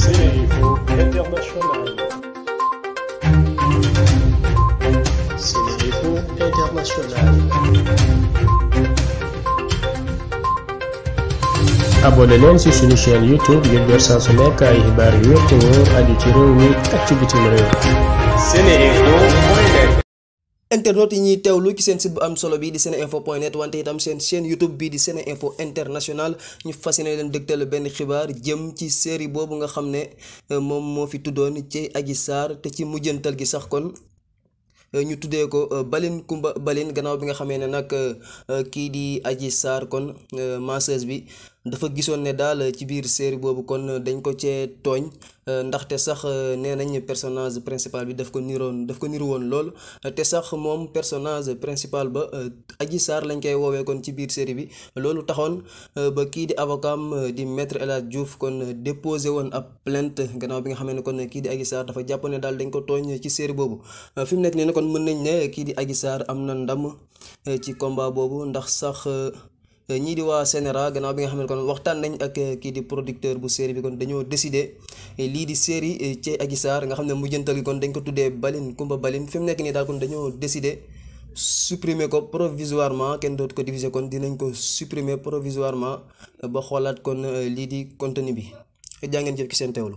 CFO International. CFO International. abonné leen ci suñu YouTube ngir jot saa su nekk ay xibaar yu wér te wóor aju internet yi ñuy teewlu ci seen site bu am solo bi di seen info point net wante itam seen chaîne youtube bi di sene info international ñu fas yéene leen dëgtal benn xibaar jëm ci série boobu nga xam ne euh, moom moo fi tuddoon ci Adji Sarr te ci mujjantal gi sax kon euh, ñu tuddee ko euh, Balin Kumba Balin gannaaw bi nga xamee ne nag kii di aji saar kon masseuse bi dafa gisoon ne daal ci biir série boobu kon dañ ko cee tooñ euh, ndaxte sax euh, nee nañ personnage principal bi daf ko niroon daf ko niru woon lool te sax moom personnage principal ba euh, Adji Sarr lañ koy woowee kon ci biir série bi loolu taxoon ba kii di avocam di maître El Hadj Diouf kon déposé woon ab plante gannaaw bi nga xam ne kon kii di Adji Sarr dafa jàpp ne daal dañ ko tooñ ci série boobu fi mu nekk nii kon mën nañ ne kii di Adji Sarr am na ndam ci combat boobu ndax sax. ñii di waa CNRA gannaaw bi nga xam ne kon waxtaan nañ ak eh, kii di producteur bu série bi kon dañoo décider eh, lii di série ci eh, Adji Sarr nga xam ne mujjantal gi kon dañ ko tuddee Balin Kumba Balin fi mu nekk nii daal kon dañoo décider supprimer ko provisoirement kenn dootu ko diviser kon dinañ ko supprimer provisoirement ba xoolaat kon lii di contenu bi jaa ngeen jëf ci seen teewlu.